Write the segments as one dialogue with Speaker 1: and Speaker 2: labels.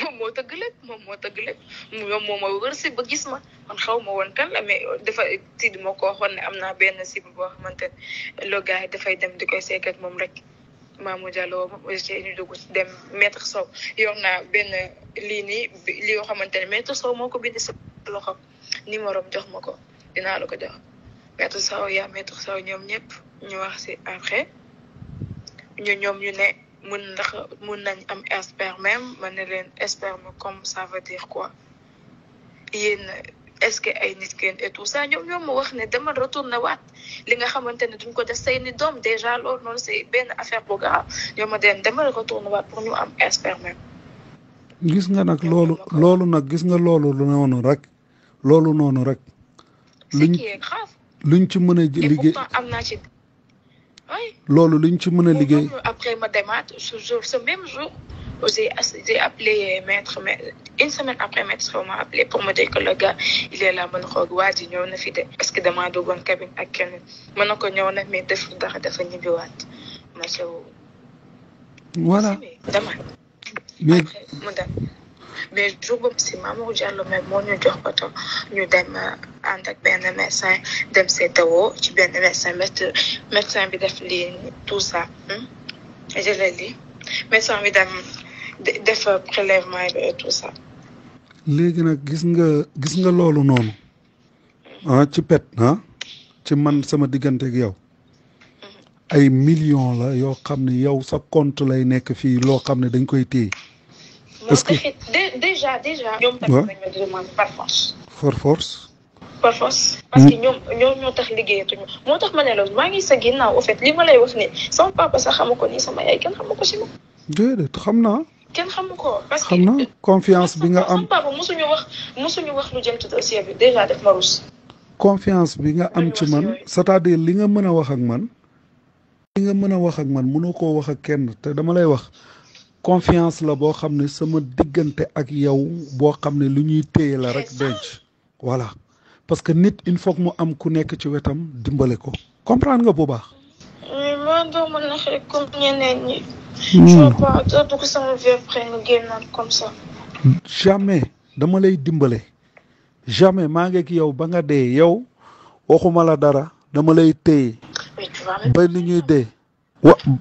Speaker 1: moom moo tëgg lépp moom moo tëgg lépp moom moo wër si ba gis ma man xaw ma won kan la mais dafa tid moo ko amna ben am bo xamantene lo gaay da fay dem dikoy sék ak mom rek Mamou ci ñu dugg dem maître Sow yorna ben lini lii li yo xamantene maître Sow moko bind ci loxam numéro am jox mako dina la ko jox maître Sow ya maître Sow ñom ñep ñu wax si après ñu ñom ñu né même comme ça veut dire quoi est-ce que ay et tout ça Nous wax ne dama retourner wat li nga xamantene duñ ko def say ni déjà lor non c'est bien affaire bu grave ñoom ma demal pour ñu am sperme
Speaker 2: même nga nak loolu loolu nak gis nga loolu rek loolu nonu rek luñ ci
Speaker 1: après ma ce jour même jour j'ai appelé maître une semaine après maître m'a appelé pour me dire que le gars il est là mon na parce que ak ko na mais def dara dafa
Speaker 2: voilà. mais
Speaker 1: mais jour boobu si Mamour Diallo même moo ñu jox oto ñu dem ànd e, ak benn médecin dem seetawoo ci benn médecin bi def lii tout ça
Speaker 2: léegi nag gis nga gis nga loolu noonu ah ci pet ah ci man sama diggante ak yow. Mhm. ay millions la yoo xam ne yow sa compte lay nekk fii loo xam ne dañ koy téye.
Speaker 1: parce que déjà déjà demande par force. par force. par force parce que nous avons ñoo tax liggéeyatuñu moo tax nous ne la ngi sa ginnaaw au fait li ma lay wax ni sama papa sax sama kenn
Speaker 2: Nous avons ma. Nous kenn parce que xam confiance bi nga am
Speaker 1: papa wax wax lu déjà def
Speaker 2: confiance bi nga am ci man c'est-à-dire li nga mën wax ak man. li nga wax ak man wax ak kenn te dama lay confiance la boo xam ne sama diggante ak yow boo xam lu ñuy la rek voilà parce que nit une fois que mu am ku nekk ci wetam dimbale ko comprendre nga bu baax. Hmm. pas jamais dama lay dimbale jamais maa qui yow ba nga yow waxuma la dara dama lay téye. ba ni ñuy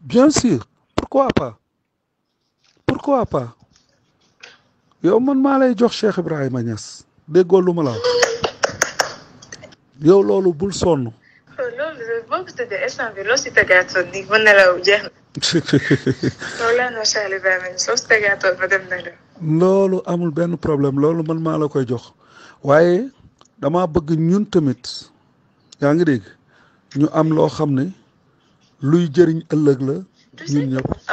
Speaker 2: bien sûr pourquoi pas. pourquoi pas yow man maa lay jox cheikh ibrahima ñas déggoo lu ma la yow loolu bul sonn loolu amul benn problème loolu man maa la koy jox waaye dama bëgg ñun tamit yaa ngi dégg ñu am loo xam ne luy jëriñ ëllëg la ñun ñëpp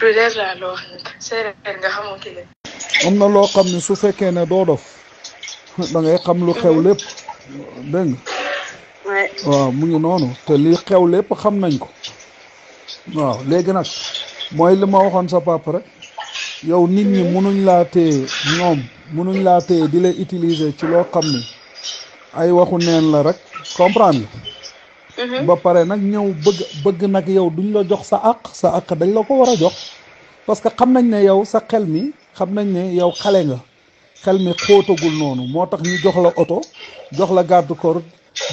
Speaker 1: lu
Speaker 2: am na loo xam ne su fekkee ne doo dof da xam lu xew lépp dégg nga. waaw mu ngi noonu te lii xew lépp xam nañ ko waaw léegi nag mooy li ma waxoon sa papa rek yow nit ñi mënuñ laa téye ñoom munuñ laa téye di la utiliser ci loo xam ne ay waxu neen la rek comprend nga. ba mhm. pare nag ñëw bëgg bëgg nag yow duñ la jox sa àq sa àq dañ la ko war a jox parce que xam nañ ne yow sa xel mi xam nañ ne yow xale nga xel mi xóotagul noonu moo tax ñu jox la oto jox la gàddu corps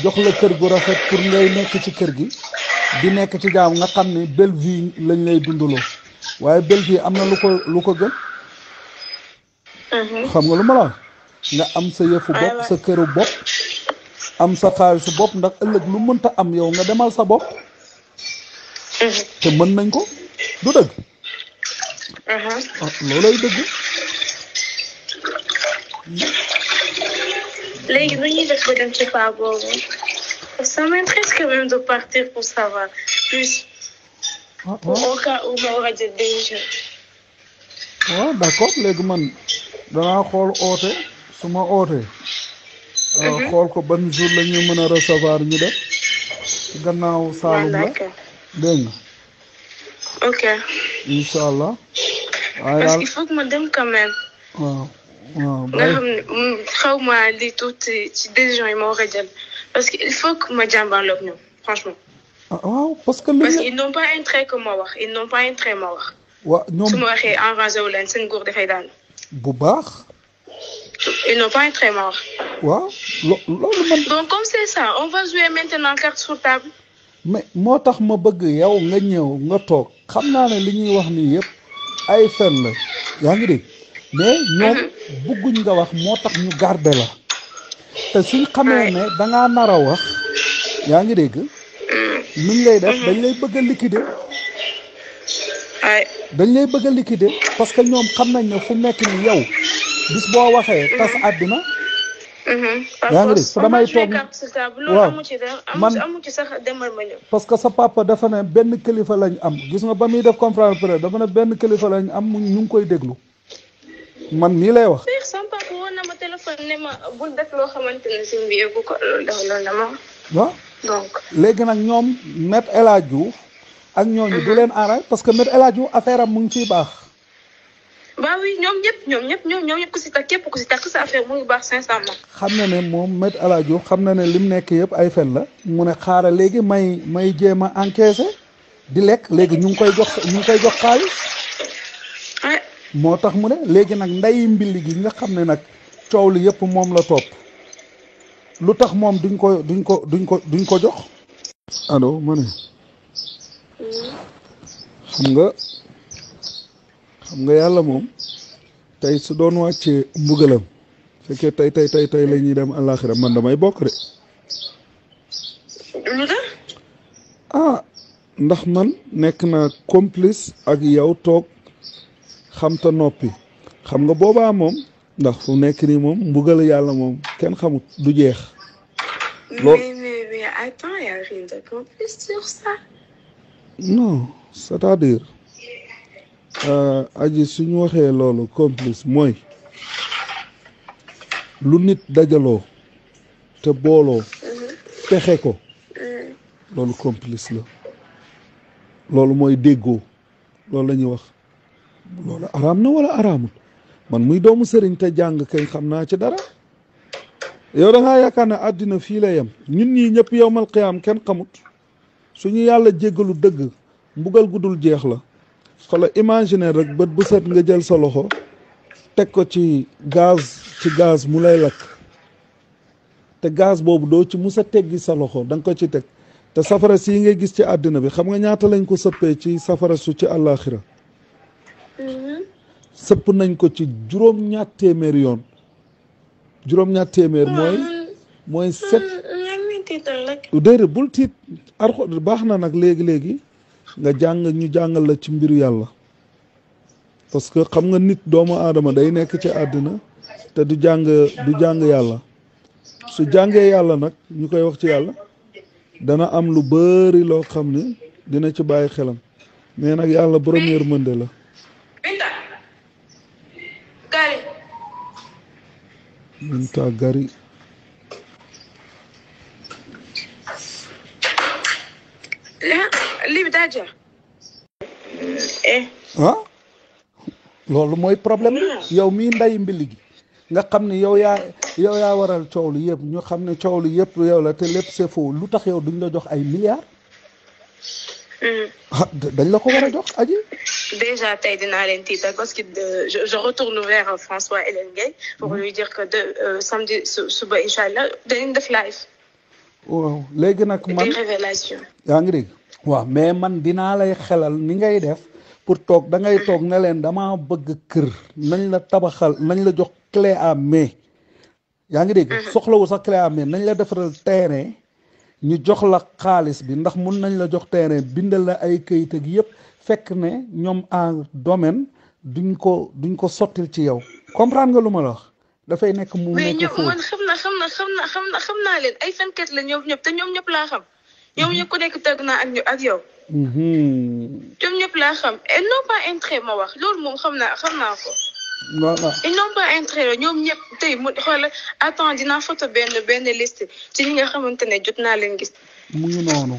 Speaker 2: jox la kër gu rafet pour ngay nekk ci kër gi di nekk ci jaam nga xam ne belle vie lañ lay dundaloo waaye belle vie am na lu ko lu ko gën mhm. xam nga lu ma la nga am sa yëfu bopp sa këru bopp am sa xaalisu bopp ndax ëllëg lu mënta am yow nga demal sa mën ko du uh-huh.
Speaker 1: nu ñuy def ba dem ci boobu ça m'intéresse quand même de partir pour savoir plus pour ah, ah. au cas où ma war de jël décision
Speaker 2: waaw ah, d'accord léegi man danaa xool oote ma euh, mhm. xool ko ban jour la ñu mën a recevoir ñu def ci gannaaw saalum la dégg nga ok incha allah parce que il
Speaker 1: faut que ma dem quand même
Speaker 2: waaw waaw nga xam
Speaker 1: ne mm, xaw ma li tuuti ci décision yi ma war a jël parce que il faut que ma jàmbaarloog ñoom franchement
Speaker 2: ah, waaw parce que parce qu'ils
Speaker 1: ils n'ont pas intérêt que ma wax ils n'ont pas intérêt ma wax waaw ñoom su ma waxee enrangé wu leen seen góor dafay daanu bu baax ils n'ont pas mort. morts. Donc, comme c'est ça, on va jouer maintenant carte sur table.
Speaker 2: mais moi ma bëgg yow nga ñëw nga tok xam naa ne wax ni ay mais ñoom mhm. bëgguñ nga wax moo ñu garder la te suñ xamee da a dégg
Speaker 1: mm.
Speaker 2: nuñ lay def mhm. dañ lay bëgg a liquider dañ lay parce que ñoom xam nañ fu nekk ni bis boo waxee mhm. tas àdduna
Speaker 1: mhm. yaa ngi dégg damay toog waaw man
Speaker 2: parce que sa papa dafa ne benn kilifa lañ am gis nga ba muy def conférence presse dafa benn kilifa lañ am ñu ngi koy déglu man nii lay wax.
Speaker 1: sama papa woon na ma xamante ne ko loolu na ma. waaw donc
Speaker 2: léegi nag ñoom Me El Hadji Diouf ak ñooñu du mhm. leen aaraay parce que Me El Hadji affaire am mu ngi ciy baax.
Speaker 1: waaw oui ñoom ñëpp ñoom ñëpp ñoom ñoom ñëpp ku si takk képp ku si takk sa affaire mu ngi baax sincèrement.
Speaker 2: xam na ne moom Me El Hadji Diouf xam na ne lim nekk yëpp ay fen la mu ne xaaral léegi may may jéem a encaissé di lekk léegi ñu ngi koy jox ñu ngi koy jox xaalis. moo tax mu ne léegi nag nday mbili gi nga xam ne nag coow li yëpp moom la topp lu tax moom duñ ko duñ ko duñ ko duñ ko jox. allo ma ne. Mm. xam nga. xam nga yàlla moom tey su doon wàccee mbugalam fekkee tey tey tey tey la ñuy dem àllaaxira man damay bokk de ah ndax man nekk na complice ak yow toog xam te noppi xam nga boobaa moom ndax fu nekk nii moom mbugal yàlla moom kenn xamut du jeex loolu mais Euh, aji suñu waxee loolu complice mooy lu nit dajaloo te booloo pexe ko loolu complice la loolu mooy déggoo loolu la wax loolu araam na wala araamul man muy doomu sëriñ te jàng kay xam naa ci dara yow da ngaa yaakaar ne àddina fii la yem ñun ñii ñëpp yowmal qiyaam kenn xamut suñu yàlla jéggalu dëgg mbugal gudul jeex la xolo imaginer rek bët bu set nga jël sa loxo teg ko ci gaz ci gaz mu lay lakk te gaz boobu doo ci musa teggi sa loxo da ko ci teg te safara si ngay gis ci àddina bi xam nga ñaata lañ ko sëppee ci safara su ci àllaaxira mhm. sëpp nañ ko ci juróom-ñaar téeméer yoon juróom-ñaar téeméer mooy mooy set
Speaker 1: mm,
Speaker 2: mm, déedéet bul tiit arxo baax na nag léegi-léegi nga jàng ñu jàngal la ci mbiru yàlla parce que xam nga nit doomu aadama day nekk ci àddina te du jàng du jàng yàlla su jàngee yàlla nag ñu koy wax ci yàlla dana am lu bëri loo xam ne dina ci bàyyi xelam mais nag yàlla borom yërmande la minta Gari
Speaker 1: daaja eh
Speaker 2: lolou moy problème yow mi nday mbili gi nga xam yow ya yow ya waral ciowlu li ñu xam ciowlu coow yow la te lépp c'est faux lu tax yow duñ la jox ay milliards hmm. dañ la ko war a jox aji
Speaker 1: déjà tay dina len tita parce que euh, je, je retourne vers euh, François Hélène Gueye pour hmm. lui dire que de euh, samedi suba inshallah allah dañu def live
Speaker 2: waaw légui nak man des révélations yaa ngi dégg waaw mais man dinaa lay xelal ni ngay def pour toog da ngay toog ne leen damaa bëgg kër nañ la tabaxal nañ la jox clé à main yaa ngi dégg mhm. soxlawu sax clé à main nañ la defaral terrain ñu jox la xaalis bi ndax mun nañ la jox terrain bindal la ay këyit ak yëpp fekk ne ñoom en domaine duñ ko duñ ko sottil ci yow comprendre nga lu ma la wax dafay nekk mu nekk foofu mais ñoom man
Speaker 1: xam na xam na xam na xam na xam naa leen ay fenkat la ñoom ñëpp te ñoom ñëpp laa xam ñoom ñu ku nekk teg naa ak ñu ak yow. Mm-hmm. ñoom ñëpp laa xam et non pas intérêt ma wax loolu moom xam naa xam naa ko. voilà ils n'ont pas intérêt ñoom ñëpp tey mu xoola attends dinaa photo benn benn liste ci ñi nga xamante ne jot naa leen gis. mu ngi noonu.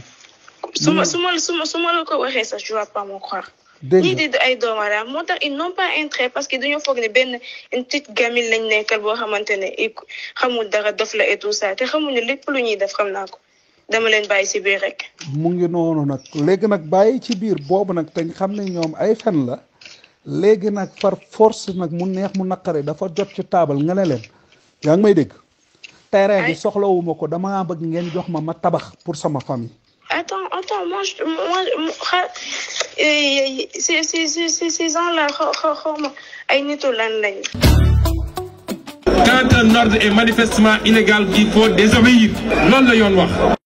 Speaker 1: suma suma suma ma su ma la ko waxee sax je vois pas mon croire. dégg ñii di ay doomaraam moo tax ils n'ont pas intérêt parce que dañoo foog ne benn une petite gamine lañ nekkal boo xamante ne xamul dara dof la et tout ça te xamuñu lépp lu ñuy def xam naa ko. dama leen bàyyi ci biir rek.
Speaker 2: mu ngi noonu nag léegi nag bàyyi ci biir boobu nag te xam ne ñoom ay fen la léegi nag par force nag mu neex mu naqari dafa jot ci taabal nga ne leen yaa ngi may dégg. terrain bi soxlawuma ko dama bëgg ngeen jox ma ma tabax pour sama famille.
Speaker 1: attends attends moi je moi xa euh, ces xaw ma ay nitu lan lañu. quand un ordre manifestement illégal il faut désobéir loolu la yoon wax.